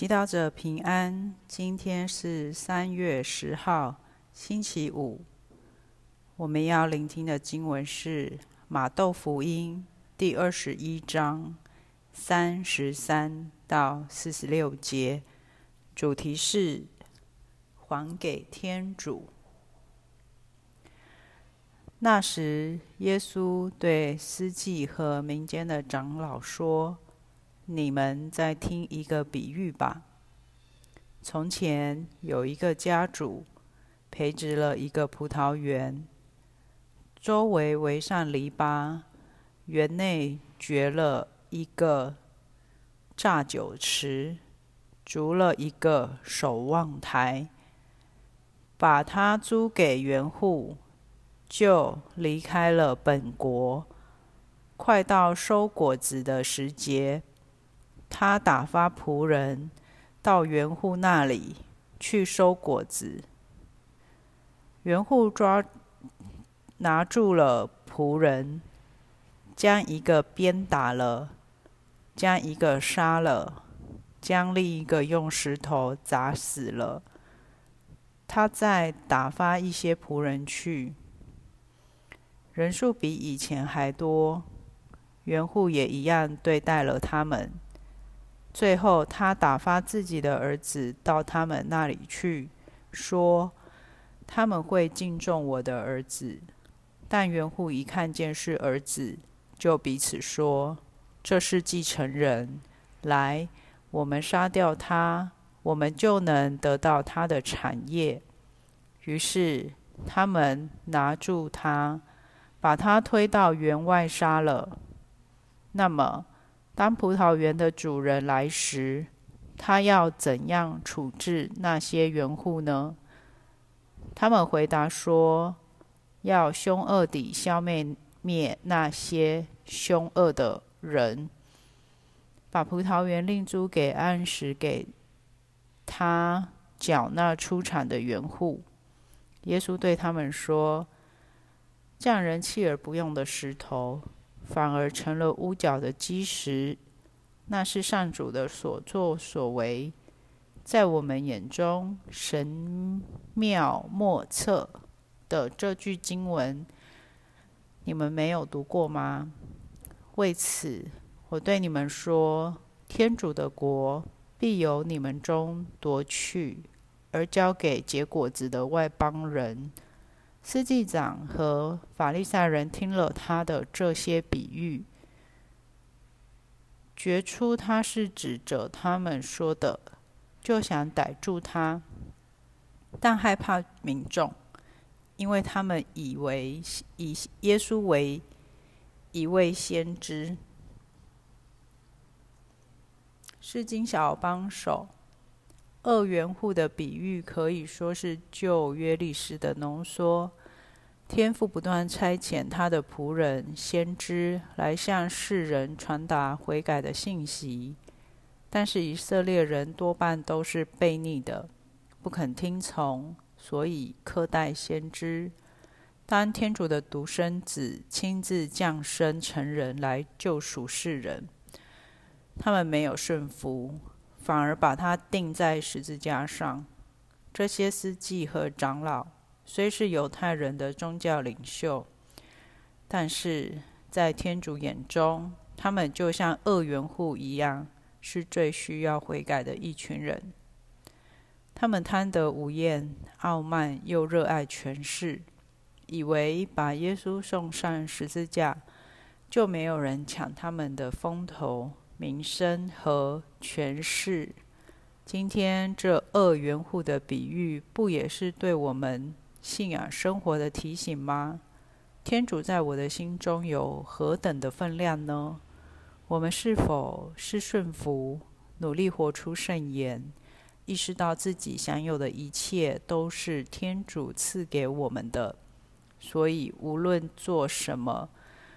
祈禱者平安。今天是三月十號，星期五。我們要聆聽的經文是《馬竇福音》第二十一章三十三到四十六節，主題是“還給天主”。那時，耶穌對司祭和民間的長老說。你們再聽一個比喻吧。從前有一個家主，培植了一個葡萄園，周圍圍上籬笆，園內掘了一個榨酒池，築了一個守望台，把它租給園戶，就離開了本國。快到收果子的時節。他打發僕人到園戶那裡去收果子。園戶抓拿住了僕人，將一個鞭打了，將一個殺了，將另一個用石頭砸死了。他再打發一些僕人去，人數比以前還多，園戶也一樣對待了他們。最後，他打發自己的兒子到他們那裡去，說他們會敬重我的兒子。但園戶一看見是兒子，就彼此說：“這是繼承人，來，我們殺掉他，我們就能得到他的產業。”於是他們拿住他，把他推到園外殺了。那麼。當葡萄園的主人來時，他要怎樣處置那些園戶呢？他們回答說：“要兇惡地消滅滅那些兇惡的人，把葡萄園另租給按時給他繳納出產的園戶。”耶穌對他們說：“匠人棄而不用的石頭。”反而成了屋角的基石，那是上主的所作所為，在我們眼中神妙莫測的這句經文，你們沒有讀過嗎？為此，我對你們說，天主的國必由你們中奪去，而交給結果子的外邦人。司祭長和法利賽人聽了他的這些比喻，覺出他是指着他們說的，就想逮住他，但害怕民眾，因為他們以為以耶穌為一位先知，聖經小幫手。惡園戶的比喻可以說是舊約歷史的濃縮。天父不斷差遣他的僕人先知來向世人傳達悔改的信息，但是以色列人多半都是悖逆的，不肯聽從，所以苛待先知。當天主的獨生子親自降生成人來救贖世人，他們沒有順服。反而把他釘在十字架上。這些司祭和長老雖是猶太人的宗教領袖，但是在天主眼中，他們就像惡園戶一樣，是最需要悔改的一群人。他們貪得無厭、傲慢又熱愛權勢，以為把耶穌送上十字架，就沒有人搶他們的風頭。名聲和權勢，今天這惡園戶的比喻，不也是對我們信仰生活的提醒嗎？天主在我的心中有何等的分量呢？我們是否是順服，努力活出聖言，意識到自己享有的一切都是天主賜給我們的？所以，無論做什麼，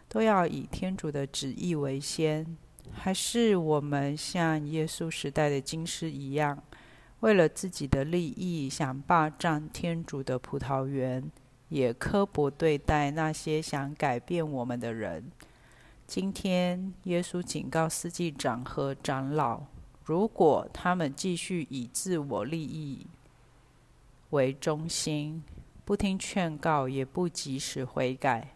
都要以天主的旨意為先。還是我們像耶穌時代的經師一樣，為了自己的利益，想霸占天主的葡萄園，也刻薄對待那些想改變我們的人。今天，耶穌警告司祭長和長老，如果他們繼續以自我利益為中心，不聽勸告，也不及時悔改，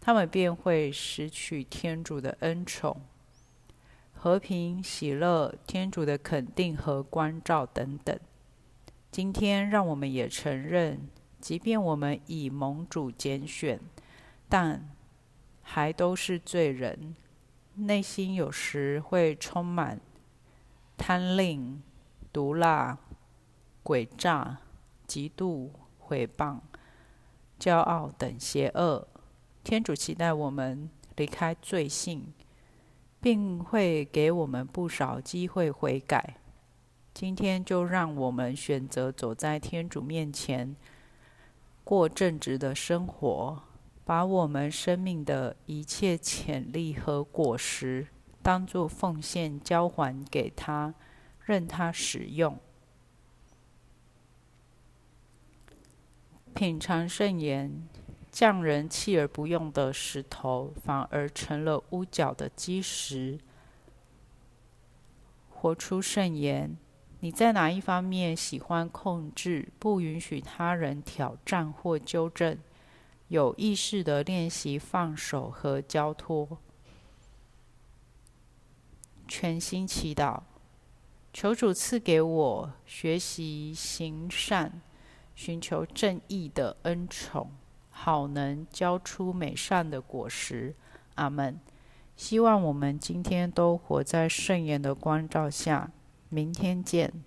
他們便會失去天主的恩寵。和平、喜樂、天主的肯定和關照等等。今天，讓我們也承認，即便我們已蒙主揀選，但還都是罪人，內心有時會充滿貪吝、毒辣、詭詐、嫉妒、毀謗、驕傲等邪惡。天主期待我們離開罪性。並會給我們不少機會悔改。今天就讓我們選擇走在天主面前，過正直的生活，把我們生命的一切潛力和果實，當作奉獻交還給他，任他使用。品嘗聖言。匠人棄而不用的石頭，反而成了屋角的基石。活出聖言，你在哪一方面喜歡控制，不允許他人挑戰或糾正？有意識地練習放手和交托，全心祈禱，求主賜給我學習行善、尋求正義的恩寵。好能交出美善的果實，阿門。希望我們今天都活在聖言的光照下，明天見。